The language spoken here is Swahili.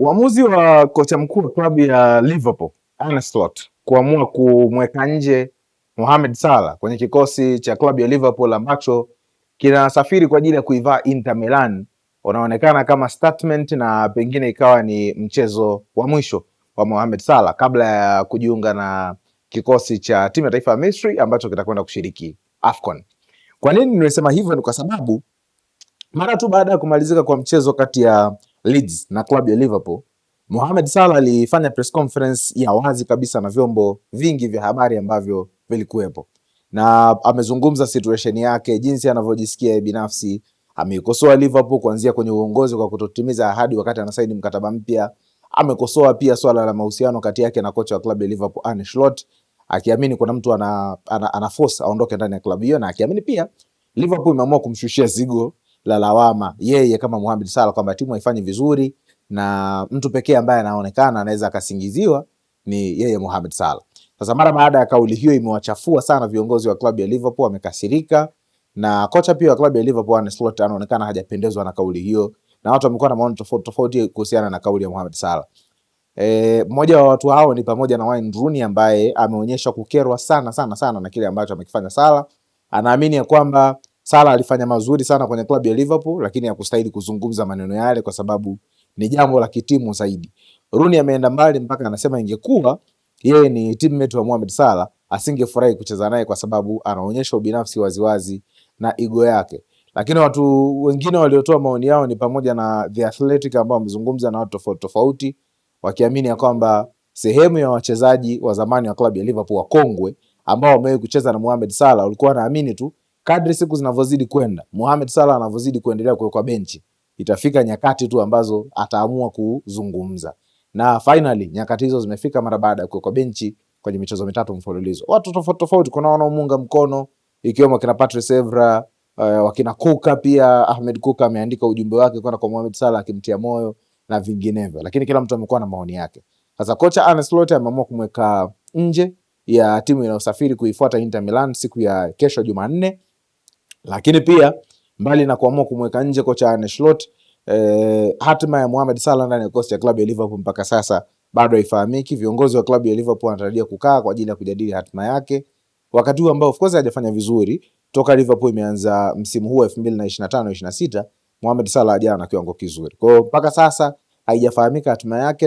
Uamuzi wa kocha mkuu wa klabu ya Liverpool Arne Slot kuamua kumweka nje Mohamed Salah kwenye kikosi cha klabu ya Liverpool ambacho kinasafiri kwa ajili ya kuivaa Inter Milan unaonekana kama statement na pengine ikawa ni mchezo wa mwisho wa Mohamed Salah kabla ya kujiunga na kikosi cha timu ya taifa ya Misri ambacho kitakwenda kushiriki Afcon. Kwa nini nimesema hivyo? Ni kwa sababu mara tu baada ya kumalizika kwa mchezo kati ya Leeds na klabu ya Liverpool, Mohamed Salah alifanya press conference ya wazi kabisa na vyombo vingi vya habari ambavyo vilikuwepo, na amezungumza situation yake, jinsi anavyojisikia binafsi. Ameikosoa Liverpool kuanzia kwenye uongozi kwa kutotimiza ahadi wakati anasaini mkataba mpya. Amekosoa pia swala la mahusiano kati yake na kocha wa klabu ya Liverpool Arne Slot, akiamini kuna mtu ana, ana, ana force aondoke ndani ya klabu hiyo, na akiamini pia Liverpool imeamua kumshushia zigo la lawama yeye kama Mohamed Salah kwamba timu haifanyi vizuri, na mtu pekee ambaye anaonekana anaweza akasingiziwa ni yeye Mohamed Salah. Sasa mara baada ya kauli hiyo imewachafua sana viongozi wa klabu ya Liverpool, wamekasirika na kocha pia wa klabu ya Liverpool Arne Slot anaonekana hajapendezwa na kauli hiyo, na watu wamekuwa na maoni tofauti tofauti kuhusiana na kauli ya Mohamed Salah. E, mmoja wa watu hao ni pamoja na Wayne Rooney ambaye ameonyesha kukerwa sana sana sana na kile ambacho amekifanya Salah. Anaamini ya kwamba Salah alifanya mazuri sana kwenye klabu ya Liverpool, lakini hakustahili kuzungumza maneno yale kwa sababu ni jambo la kitimu zaidi. Rooney ameenda mbali mpaka anasema ingekuwa yeye ni teammate wa Mohamed Salah asingefurahi kucheza naye kwa sababu anaonyesha ubinafsi waziwazi na ego yake. Lakini watu wengine waliotoa maoni yao ni pamoja na The Athletic ambao wamezungumza na watu tofauti tofauti, wakiamini ya kwamba sehemu ya wachezaji wa zamani wa klabu ya Liverpool wakongwe ambao wamewahi kucheza na Mohamed Salah walikuwa wanaamini tu kadri siku zinavyozidi kwenda, Mohamed Salah anavyozidi kuendelea kuwekwa benchi, itafika nyakati tu ambazo ataamua kuzungumza, na finally nyakati hizo zimefika mara baada ya kuwekwa benchi kwenye michezo mitatu mfululizo. Watu tofauti tofauti, kuna wanaomuunga mkono ikiwemo kina Patrice Evra uh, wakina Kuka pia. Ahmed Kuka ameandika ujumbe wake kwenda kwa Mohamed Salah akimtia moyo na vinginevyo, lakini kila mtu amekuwa na maoni yake. Sasa kocha Arne Slot ameamua kumweka nje ya timu inayosafiri kuifuata Inter Milan siku ya kesho Jumanne lakini pia mbali na kuamua kumweka nje kocha Arne Slot, eh, hatima ya Mohamed Salah ndani ya kikosi cha klabu ya Liverpool mpaka sasa bado haifahamiki. Viongozi wa klabu ya Liverpool wanatarajia kukaa kwa ajili ya kujadili hatima yake, wakati huu ambao of course hajafanya vizuri toka Liverpool imeanza msimu huu 2025 26. Mohamed Salah hajana kiwango kizuri, kwa hiyo mpaka sasa haijafahamika hatima yake.